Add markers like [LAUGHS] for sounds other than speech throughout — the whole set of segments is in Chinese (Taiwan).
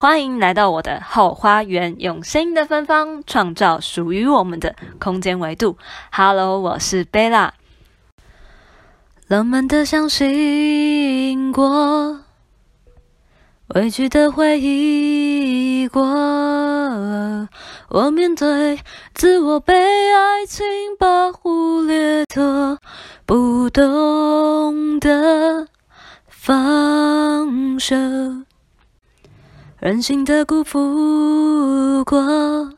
歡迎來到我的後花園，用聲音的芬芳創造屬於我們的空間維度。Hello，我是 Bella。浪漫的相信過，委屈的回憶過，我面對自我被愛情把忽略的，不的，不懂得放手。任性的辜負過，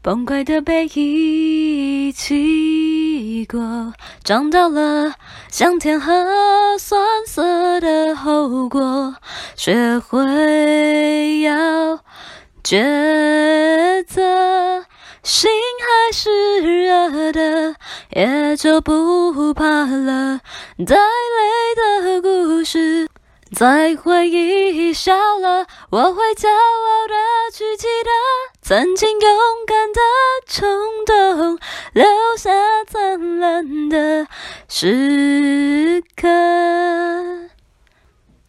崩潰的被遺棄過，長大了，香甜和酸澀的後果，學會要抉擇，心還是熱的，也就不怕了，帶淚的故事。在回憶裡笑了，我會驕傲的去記得曾經勇敢的衝動，留下燦爛的時刻。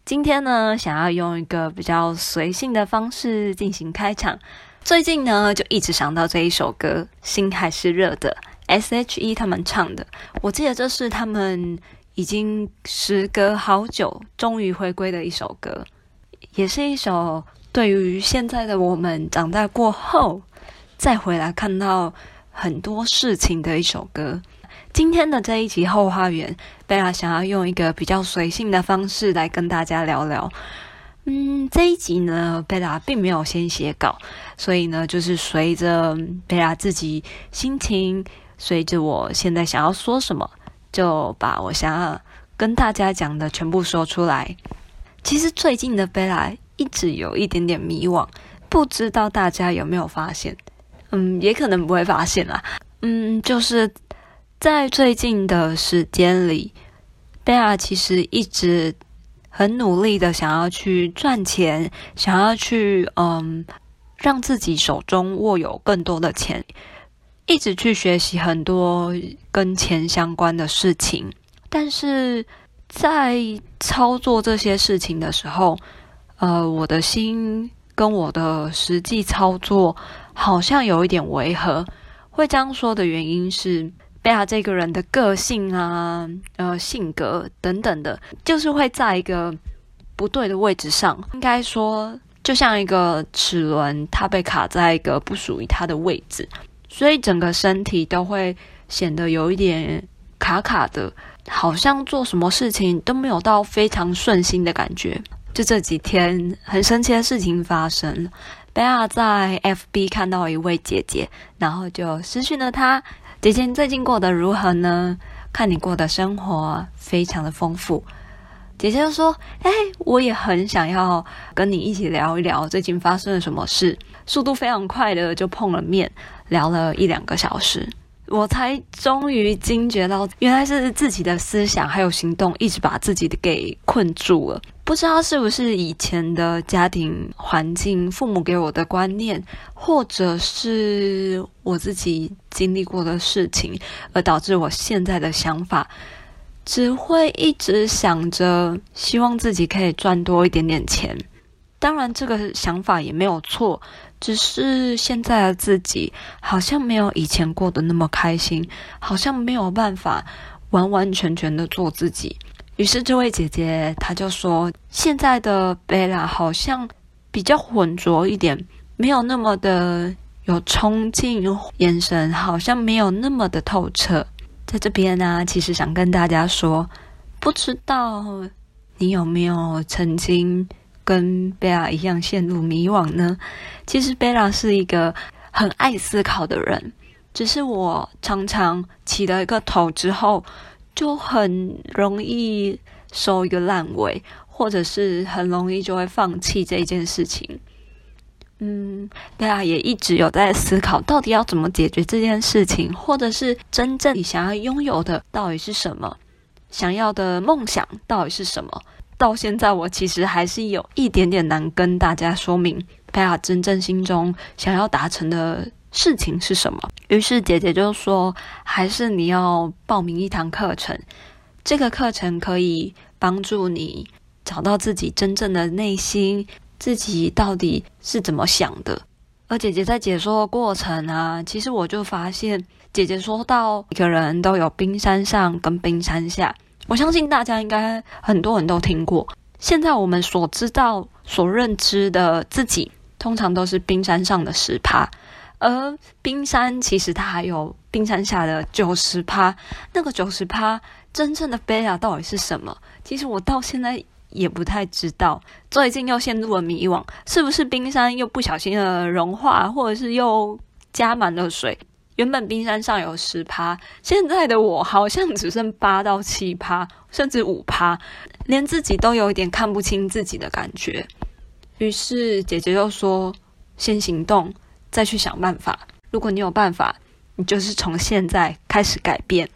今天呢，想要用一個比較隨性的方式進行開場。最近呢，就一直想到這一首歌，《心還是熱的》，S.H.E 他們唱的。我記得這是他們。已經時隔好久，終於回歸的一首歌，也是一首對於現在的我們長大過後再回來看到很多事情的一首歌。今天的這一集 Hoo 花園，貝拉想要用一個比較隨性的方式來跟大家聊聊。嗯，這一集呢，貝拉並沒有先寫稿，所以呢，就是隨着貝拉自己心情，隨着我現在想要說什麼。就把我想要跟大家講的全部說出來。其實最近的貝拉一直有一點點迷惘，不知道大家有沒有發現？嗯，也可能不會發現啦。嗯，就是在最近的時間裡，貝拉其實一直很努力的想要去賺錢，想要去嗯，讓自己手中握有更多的錢。一直去學習很多跟錢相關的事情，但是在操作這些事情的時候，呃，我的心跟我的實際操作好像有一點違和。會這樣說的原因是，Bella 這個人的個性啊，呃，性格等等的，就是會在一個不對的位置上。應該說，就像一個齒輪，它被卡在一個不屬於它的位置。所以整個身體都會顯得有一點卡卡的，好像做什麼事情都沒有到非常順心的感覺。就這幾天很神奇的事情發生，Bella 在 FB 看到一位姐姐，然後就私訊了她：“姐姐你最近過得如何呢？看你過的生活、啊、非常的豐富。”姐姐就說：“哎、欸，我也很想要跟你一起聊一聊最近發生了什麼事。”速度非常快的就碰了面，聊了一兩個小時，我才終於驚覺到，原來是自己的思想還有行動一直把自己給困住了。不知道是不是以前的家庭環境、父母給我的觀念，或者是我自己經歷過的事情，而導致我現在的想法。只會一直想着希望自己可以賺多一點點錢，當然這個想法也沒有錯，只是現在的自己好像沒有以前過得那麼開心，好像沒有辦法完完全全的做自己。於是這位姐姐她就說：“現在的貝拉好像比較渾濁一點，沒有那麼的有衝勁，眼神好像沒有那麼的透徹。”在這邊呢、啊，其實想跟大家說，不知道你有沒有曾經跟貝拉一樣陷入迷惘呢？其實貝拉是一個很愛思考的人，只是我常常起了一個頭之後，就很容易收一個爛尾，或者是很容易就會放棄這一件事情。嗯，貝拉也一直有在思考，到底要怎麼解決這件事情，或者是真正你想要擁有的到底是什麼，想要的夢想到底是什麼？到現在，我其實還是有一點點難跟大家說明，貝拉真正心中想要達成的事情是什麼。於是姐姐就說，還是你要報名一堂課程，這個課程可以幫助你找到自己真正的內心。自己到底是怎麼想的？而姐姐在解說的過程啊，其實我就發現，姐姐說到每個人都有冰山上跟冰山下。我相信大家應該很多人都聽過。現在我們所知道、所認知的自己，通常都是冰山上的十趴，而冰山其實它還有冰山下的九十趴。那個九十趴真正的悲哀啊，到底是什麼？其實我到現在。也不太知道，最近又陷入了迷惘，是不是冰山又不小心的融化，或者是又加滿了水？原本冰山上有十趴，現在的我好像只剩八到七趴，甚至五趴，連自己都有一點看不清自己的感覺。於是姐姐又說：“先行動，再去想辦法。如果你有辦法，你就是從現在開始改變；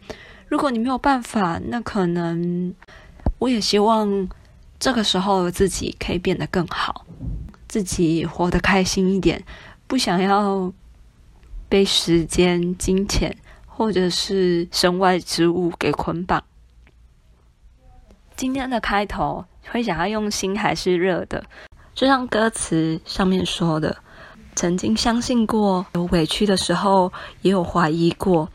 如果你沒有辦法，那可能我也希望。”這個時候自己可以變得更好，自己活得開心一點，不想要被時間、金錢或者是身外之物給捆綁。今天的開頭會想要用心還是熱的，就像歌詞上面說的：“曾經相信過，有委屈的時候，也有懷疑過，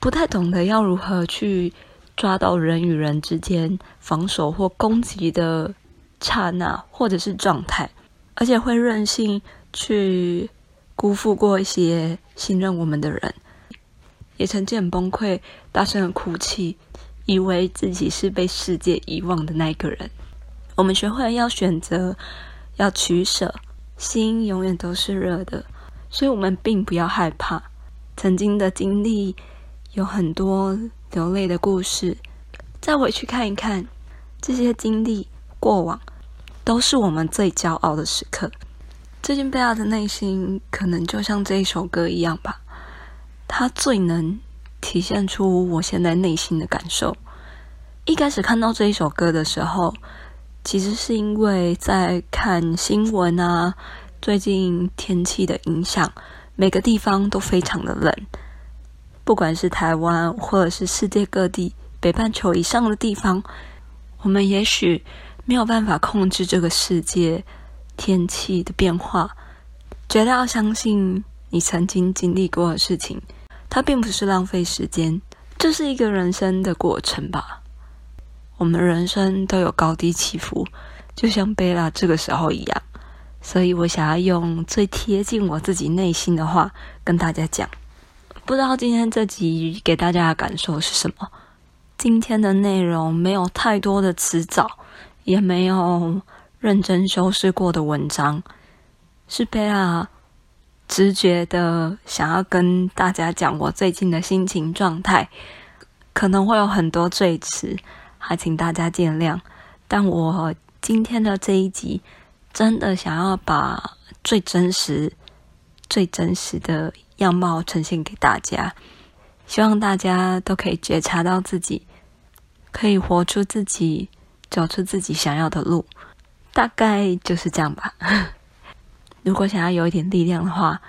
不太懂得要如何去。”抓到人與人之間防守或攻擊的剎那，或者是狀態，而且會任性去辜負過一些信任我們的人，也曾經很崩潰，大聲的哭泣，以為自己是被世界遺忘的那個人。我們學會了要選擇，要取捨，心永遠都是熱的，所以，我們並不要害怕曾經的經歷，有很多。流淚的故事，再回去看一看這些經歷過往，都是我們最驕傲的時刻。最近貝拉的內心可能就像這一首歌一樣吧，它最能體現出我現在內心的感受。一開始看到這一首歌的時候，其實是因為在看新聞啊，最近天氣的影響，每個地方都非常的冷。不管是台灣，或者是世界各地北半球以上的地方，我們也許沒有辦法控制這個世界天氣的變化。絕對要相信你曾經經歷過的事情，它並不是浪費時間，這是一個人生的過程吧。我們人生都有高低起伏，就像貝拉這個時候一樣，所以我想要用最貼近我自己內心的話跟大家講。不知道今天這集給大家的感受是什麼？今天的內容沒有太多的辭藻，也沒有認真修飾過的文章，是貝拉直覺的想要跟大家講我最近的心情狀態，可能會有很多贅詞，還請大家見諒。但我今天的這一集，真的想要把最真實、最真實的樣貌呈現給大家，希望大家都可以覺察到自己，可以活出自己，走出自己想要的路。大概就是這樣吧。 [LAUGHS] 如果想要有一點力量的話，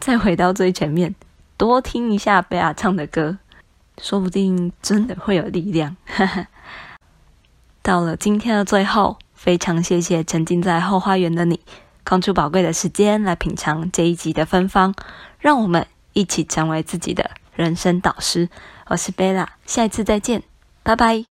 再回到最前面，多聽一下 Bella 唱的歌，說不定真的會有力量。 [LAUGHS] 到了今天的最後，非常謝謝沉浸在 Hoo 花園的你，空出寶貴的時間來品嘗這一集的芬芳。讓我們一起成為自己的人生導師。我是 Bella，下一次再見，拜拜。